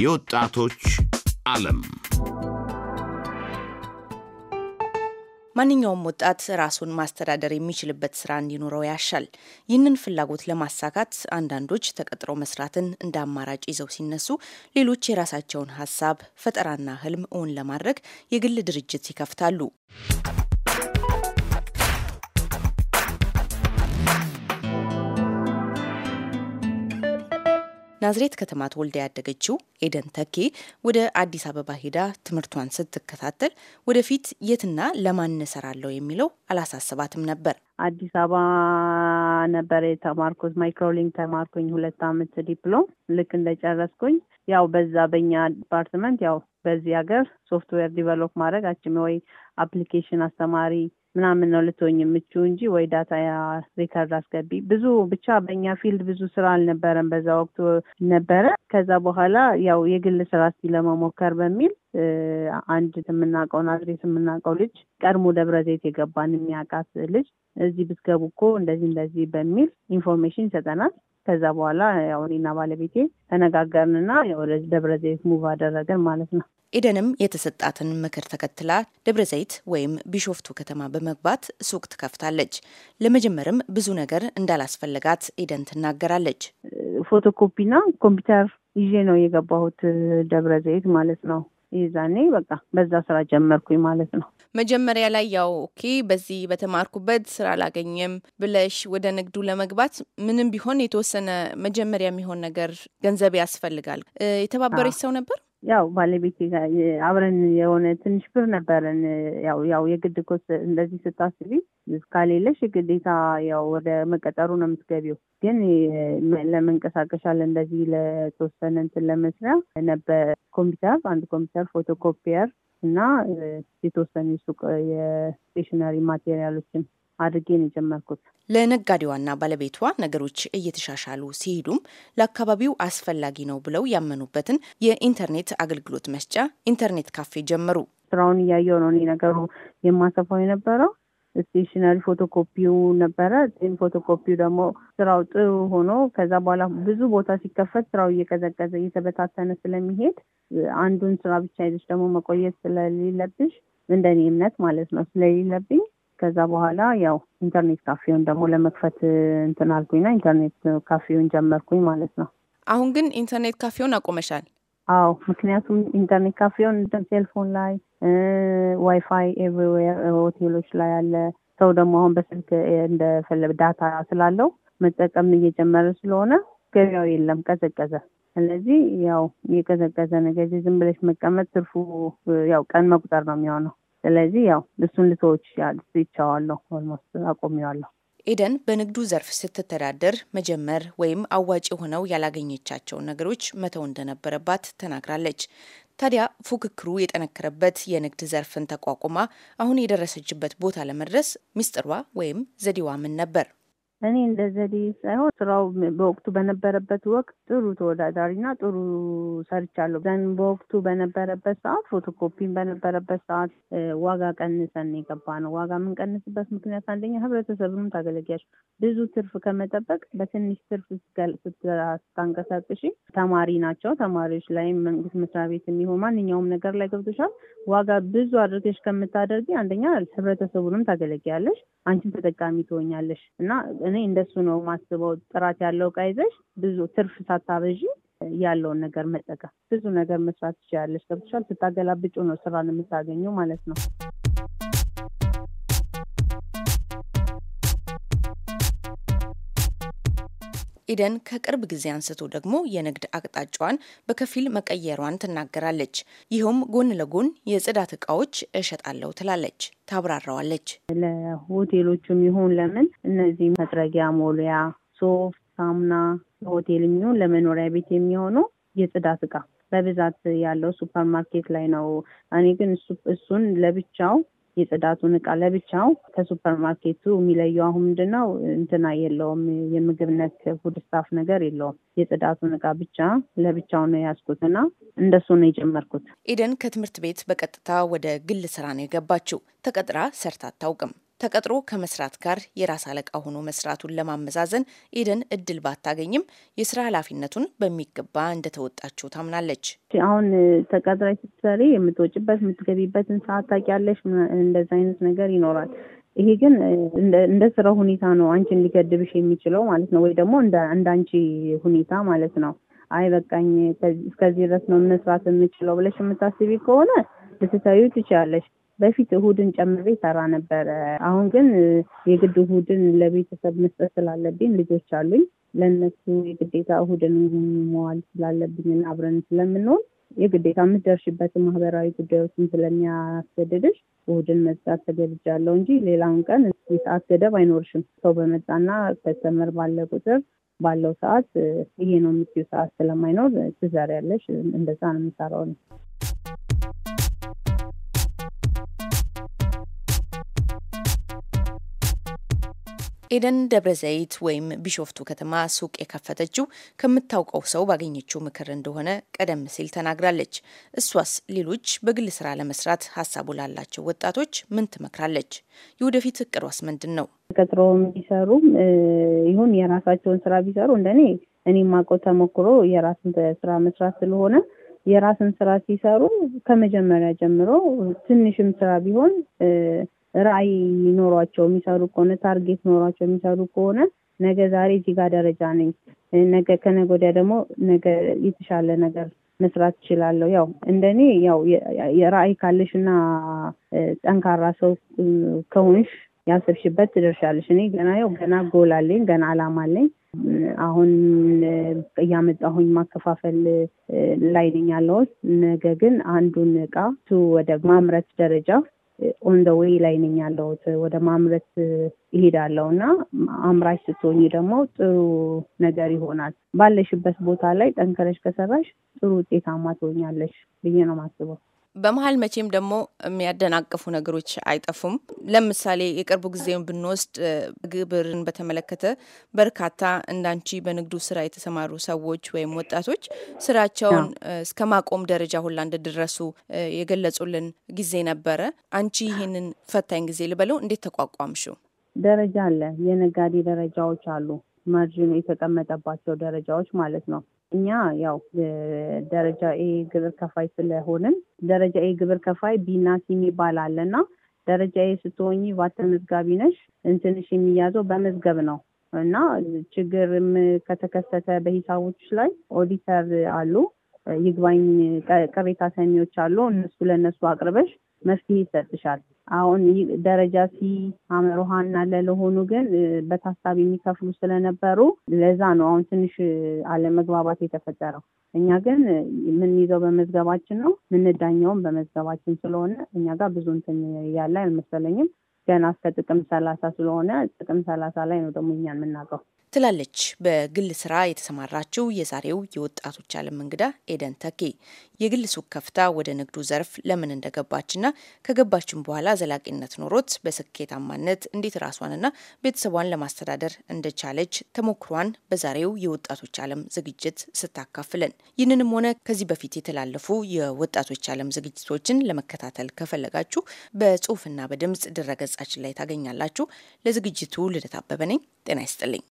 የወጣቶች ዓለም ማንኛውም ወጣት ራሱን ማስተዳደር የሚችልበት ስራ እንዲኖረው ያሻል። ይህንን ፍላጎት ለማሳካት አንዳንዶች ተቀጥሮ መስራትን እንደ አማራጭ ይዘው ሲነሱ፣ ሌሎች የራሳቸውን ሀሳብ ፈጠራና ህልም እውን ለማድረግ የግል ድርጅት ይከፍታሉ። ናዝሬት ከተማ ተወልዳ ያደገችው ኤደን ተኬ ወደ አዲስ አበባ ሄዳ ትምህርቷን ስትከታተል ወደፊት የትና ለማን እሰራለሁ የሚለው አላሳሰባትም ነበር። አዲስ አበባ ነበር የተማርኩት። ማይክሮሊንግ ተማርኩኝ ሁለት አመት ዲፕሎም። ልክ እንደጨረስኩኝ ያው በዛ በኛ ዲፓርትመንት ያው በዚህ ሀገር ሶፍትዌር ዲቨሎፕ ማድረግ አችም ወይ አፕሊኬሽን አስተማሪ ምናምን ነው ልትሆኝ የምችው እንጂ ወይ ዳታ ሪከርድ አስገቢ ብዙ ብቻ በእኛ ፊልድ ብዙ ስራ አልነበረም በዛ ወቅቱ ነበረ። ከዛ በኋላ ያው የግል ስራ ስ ለመሞከር በሚል አንድ የምናውቀውን አድሬስ የምናውቀው ልጅ ቀድሞ ደብረ ዘይት የገባን የሚያውቃት ልጅ እዚህ ብትገቡ እኮ እንደዚህ እንደዚህ በሚል ኢንፎርሜሽን ይሰጠናል። ከዛ በኋላ ያው እኔና ባለቤቴ ተነጋገርንና ወደ ደብረ ዘይት ሙቭ አደረገን ማለት ነው። ኤደንም የተሰጣትን ምክር ተከትላ ደብረ ዘይት ወይም ቢሾፍቱ ከተማ በመግባት ሱቅ ትከፍታለች። ለመጀመርም ብዙ ነገር እንዳላስፈለጋት ኤደን ትናገራለች። ፎቶኮፒና ኮምፒውተር ይዤ ነው የገባሁት ደብረ ዘይት ማለት ነው። ይዛኔ በቃ በዛ ስራ ጀመርኩኝ ማለት ነው። መጀመሪያ ላይ ያው ኦኬ፣ በዚህ በተማርኩበት ስራ አላገኘም ብለሽ ወደ ንግዱ ለመግባት ምንም ቢሆን የተወሰነ መጀመሪያ የሚሆን ነገር ገንዘብ ያስፈልጋል። የተባበረች ሰው ነበር ያው ባለቤት አብረን የሆነ ትንሽ ብር ነበረን። ያው ያው የግድ እኮ እንደዚህ ስታስቢ እስካሌለሽ ግዴታ ያው ወደ መቀጠሩ ነው የምትገቢው። ግን ለመንቀሳቀሻል እንደዚህ ለተወሰነ እንትን ለመስሪያ ነበር ኮምፒውተር፣ አንድ ኮምፒውተር፣ ፎቶኮፒየር እና የተወሰኑ ሱቅ የስቴሽነሪ ማቴሪያሎችን አድርጌ ነው የጀመርኩት። ለነጋዴዋና ባለቤቷ ነገሮች እየተሻሻሉ ሲሄዱም ለአካባቢው አስፈላጊ ነው ብለው ያመኑበትን የኢንተርኔት አገልግሎት መስጫ ኢንተርኔት ካፌ ጀመሩ። ስራውን እያየው ነው እኔ ነገሩ የማሰፋው የነበረው ስቴሽነሪ ፎቶኮፒው ነበረ። ጤን ፎቶኮፒው ደግሞ ስራው ጥሩ ሆኖ ከዛ በኋላ ብዙ ቦታ ሲከፈት ስራው እየቀዘቀዘ እየተበታተነ ስለሚሄድ አንዱን ስራ ብቻ ይዘሽ ደግሞ መቆየት ስለሌለብሽ እንደኔ እምነት ማለት ነው ስለሌለብኝ ከዛ በኋላ ያው ኢንተርኔት ካፌውን ደግሞ ለመክፈት እንትን አልኩኝና ኢንተርኔት ካፌውን ጀመርኩኝ ማለት ነው። አሁን ግን ኢንተርኔት ካፌውን አቆመሻል? አዎ፣ ምክንያቱም ኢንተርኔት ካፌውን ቴሌፎን ላይ ዋይፋይ ኤቭሪዌር ሆቴሎች ላይ ያለ ሰው ደግሞ አሁን በስልክ እንደፈለ ዳታ ስላለው መጠቀም እየጀመረ ስለሆነ ገበያው የለም፣ ቀዘቀዘ። ስለዚህ ያው የቀዘቀዘ ነገር ዝም ብለሽ መቀመጥ ትርፉ ያው ቀን መቁጠር ነው የሚሆነው። ስለዚህ ያው እሱን ልቶዎች ይቻዋለሁ ኦልሞስት አቆሚዋለሁ። ኤደን በንግዱ ዘርፍ ስትተዳደር መጀመር ወይም አዋጭ ሆነው ያላገኘቻቸውን ነገሮች መተው እንደነበረባት ተናግራለች። ታዲያ ፉክክሩ የጠነከረበት የንግድ ዘርፍን ተቋቁማ አሁን የደረሰችበት ቦታ ለመድረስ ሚስጥሯ ወይም ዘዴዋ ምን ነበር? እኔ እንደ ዘዴ ሳይሆን ስራው በወቅቱ በነበረበት ወቅት ጥሩ ተወዳዳሪና ጥሩ ሰርቻለሁ። ዘን በወቅቱ በነበረበት ሰዓት ፎቶኮፒን በነበረበት ሰዓት ዋጋ ቀንሰን የገባ ነው። ዋጋ የምንቀንስበት ምክንያት አንደኛ ህብረተሰብንም ታገለጊያለሽ። ብዙ ትርፍ ከመጠበቅ በትንሽ ትርፍ ስታንቀሳቅሽ ተማሪ ናቸው። ተማሪዎች ላይ መንግስት መስሪያ ቤት የሚሆን ማንኛውም ነገር ላይ ገብቶሻል። ዋጋ ብዙ አድርገሽ ከምታደርጊ አንደኛ ህብረተሰቡንም ታገለጊያለሽ፣ አንቺም ተጠቃሚ ትሆኛለሽ እና እኔ እንደሱ ነው ማስበው። ጥራት ያለው እቃ ይዘሽ ብዙ ትርፍ ሳታበዥ ያለውን ነገር መጠቀም ብዙ ነገር መስራት ትችላለች። ገብቶሻል? ስታገላብጩ ነው ስራን የምታገኘው ማለት ነው። ኢደን ከቅርብ ጊዜ አንስቶ ደግሞ የንግድ አቅጣጫዋን በከፊል መቀየሯን ትናገራለች። ይኸውም ጎን ለጎን የጽዳት እቃዎች እሸጣለሁ ትላለች። ታብራራዋለች። ለሆቴሎቹም ይሁን ለምን እነዚህ መጥረጊያ፣ ሞሉያ፣ ሶፍት፣ ሳሙና ለሆቴል የሚሆን ለመኖሪያ ቤት የሚሆኑ የጽዳት እቃ በብዛት ያለው ሱፐር ማርኬት ላይ ነው። እኔ ግን እሱን ለብቻው የጽዳቱን እቃ ለብቻው ከሱፐርማርኬቱ የሚለየው አሁን ምንድነው እንትና የለውም የምግብነት ፉድ ስታፍ ነገር የለውም። የጽዳቱን እቃ ብቻ ለብቻው ነው ያስኩትና እንደሱ ነው የጀመርኩት። ኢደን ከትምህርት ቤት በቀጥታ ወደ ግል ስራ ነው የገባችው። ተቀጥራ ሰርታ አታውቅም። ተቀጥሮ ከመስራት ጋር የራስ አለቃ ሆኖ መስራቱን ለማመዛዘን ኤደን እድል ባታገኝም የስራ ኃላፊነቱን በሚገባ እንደተወጣችው ታምናለች። አሁን ተቀጥራ ስትሰሪ የምትወጭበት የምትገቢበትን ሰዓት ታውቂያለሽ። እንደዚ አይነት ነገር ይኖራል። ይሄ ግን እንደ ስራ ሁኔታ ነው አንቺን ሊገድብሽ የሚችለው ማለት ነው፣ ወይ ደግሞ እንደ አንቺ ሁኔታ ማለት ነው። አይ በቃኝ እስከዚህ ድረስ ነው መስራት የምችለው ብለሽ የምታስቢ ከሆነ ልትሰሪው ትችላለሽ። በፊት እሁድን ጨምሬ ሰራ ነበረ። አሁን ግን የግድ እሁድን ለቤተሰብ መስጠት ስላለብኝ ልጆች አሉኝ ለእነሱ የግዴታ እሁድን መዋል ስላለብኝና አብረን ስለምንሆን የግዴታ የምትደርሽበትን ማህበራዊ ጉዳዮችን ስለሚያስገድድሽ እሁድን መዝጋት ተገድጃለሁ እንጂ ሌላውን ቀን ሰዓት ገደብ አይኖርሽም። ሰው በመጣና ከተመር ባለ ቁጥር ባለው ሰዓት ይሄ ነው የምትዩ ሰዓት ስለማይኖር ትዘሪያለሽ። እንደዛ ነው የምሰራው ነው ኤደን ደብረ ዘይት ወይም ቢሾፍቱ ከተማ ሱቅ የከፈተችው ከምታውቀው ሰው ባገኘችው ምክር እንደሆነ ቀደም ሲል ተናግራለች። እሷስ ሌሎች በግል ስራ ለመስራት ሀሳቡ ላላቸው ወጣቶች ምን ትመክራለች? የወደፊት እቅዷስ ምንድን ነው? ተቀጥሮም ቢሰሩም ይሁን የራሳቸውን ስራ ቢሰሩ እንደኔ እኔ ማውቀው ተሞክሮ የራስን ስራ መስራት ስለሆነ የራስን ስራ ሲሰሩ ከመጀመሪያ ጀምሮ ትንሽም ስራ ቢሆን ራዕይ ኖሯቸው የሚሰሩ ከሆነ ታርጌት ኖሯቸው የሚሰሩ ከሆነ ነገ ዛሬ እዚህ ጋር ደረጃ ነኝ፣ ነገ ከነገ ወዲያ ደግሞ ነገ የተሻለ ነገር መስራት እችላለሁ። ያው እንደኔ ያው የራዕይ ካለሽ እና ጠንካራ ሰው ከሆንሽ ያሰብሽበት ትደርሻለሽ። እኔ ገና ያው ገና ጎል አለኝ፣ ገና አላማ አለኝ። አሁን እያመጣሁኝ ማከፋፈል ላይ ነኝ ያለሁት። ነገ ግን አንዱን እቃ ወደ ማምረት ደረጃ ኦን ደ ዌይ ላይ ነኝ ያለሁት። ወደ ማምረት ይሄዳለው እና አምራች ስትሆኝ ደግሞ ጥሩ ነገር ይሆናል። ባለሽበት ቦታ ላይ ጠንከረሽ ከሰራሽ ጥሩ ውጤታማ ትሆኛለሽ ብዬ ነው ማስበው። በመሀል መቼም ደግሞ የሚያደናቅፉ ነገሮች አይጠፉም። ለምሳሌ የቅርቡ ጊዜውን ብንወስድ ግብርን በተመለከተ በርካታ እንዳንቺ በንግዱ ስራ የተሰማሩ ሰዎች ወይም ወጣቶች ስራቸውን እስከ ማቆም ደረጃ ሁላ እንደደረሱ የገለጹልን ጊዜ ነበረ። አንቺ ይህንን ፈታኝ ጊዜ ልበለው እንዴት ተቋቋምሽው? ደረጃ አለ። የነጋዴ ደረጃዎች አሉ። ማርጅኑ የተቀመጠባቸው ደረጃዎች ማለት ነው። እኛ ያው ደረጃ ኤ ግብር ከፋይ ስለሆንን ደረጃ ኤ ግብር ከፋይ ቢና ሲ የሚባል አለና ደረጃ ኤ ስትሆኚ ቫት መዝጋቢ ነሽ። እንትንሽ የሚያዘው በመዝገብ ነው እና ችግርም ከተከሰተ በሂሳቦች ላይ ኦዲተር አሉ፣ ይግባኝ ቅሬታ ሰሚዎች አሉ። እነሱ ለእነሱ አቅርበሽ መፍትሄ ይሰጥሻል። አሁን ደረጃ ሲ አምሮሃና ለለሆኑ ግን በታሳቢ የሚከፍሉ ስለነበሩ ለዛ ነው አሁን ትንሽ አለመግባባት የተፈጠረው። እኛ ግን የምንይዘው በመዝገባችን ነው፣ ምንዳኛውም በመዝገባችን ስለሆነ እኛ ጋር ብዙ እንትን ያለ አልመሰለኝም። ገና እስከ ጥቅም ሰላሳ ስለሆነ ጥቅም ሰላሳ ላይ ነው ደግሞ እኛ የምናውቀው ትላለች። በግል ስራ የተሰማራችው የዛሬው የወጣቶች አለም እንግዳ ኤደን ተኬ የግል ሱቅ ከፍታ ወደ ንግዱ ዘርፍ ለምን እንደገባችና ከገባችን በኋላ ዘላቂነት ኖሮት በስኬታማነት እንዴት ራሷንና ቤተሰቧን ለማስተዳደር እንደቻለች ተሞክሯን በዛሬው የወጣቶች ዓለም ዝግጅት ስታካፍለን ይህንንም ሆነ ከዚህ በፊት የተላለፉ የወጣቶች ዓለም ዝግጅቶችን ለመከታተል ከፈለጋችሁ በጽሁፍና በድምጽ ድረገጻችን ላይ ታገኛላችሁ። ለዝግጅቱ ልደት አበበ ነኝ። ጤና ይስጥልኝ።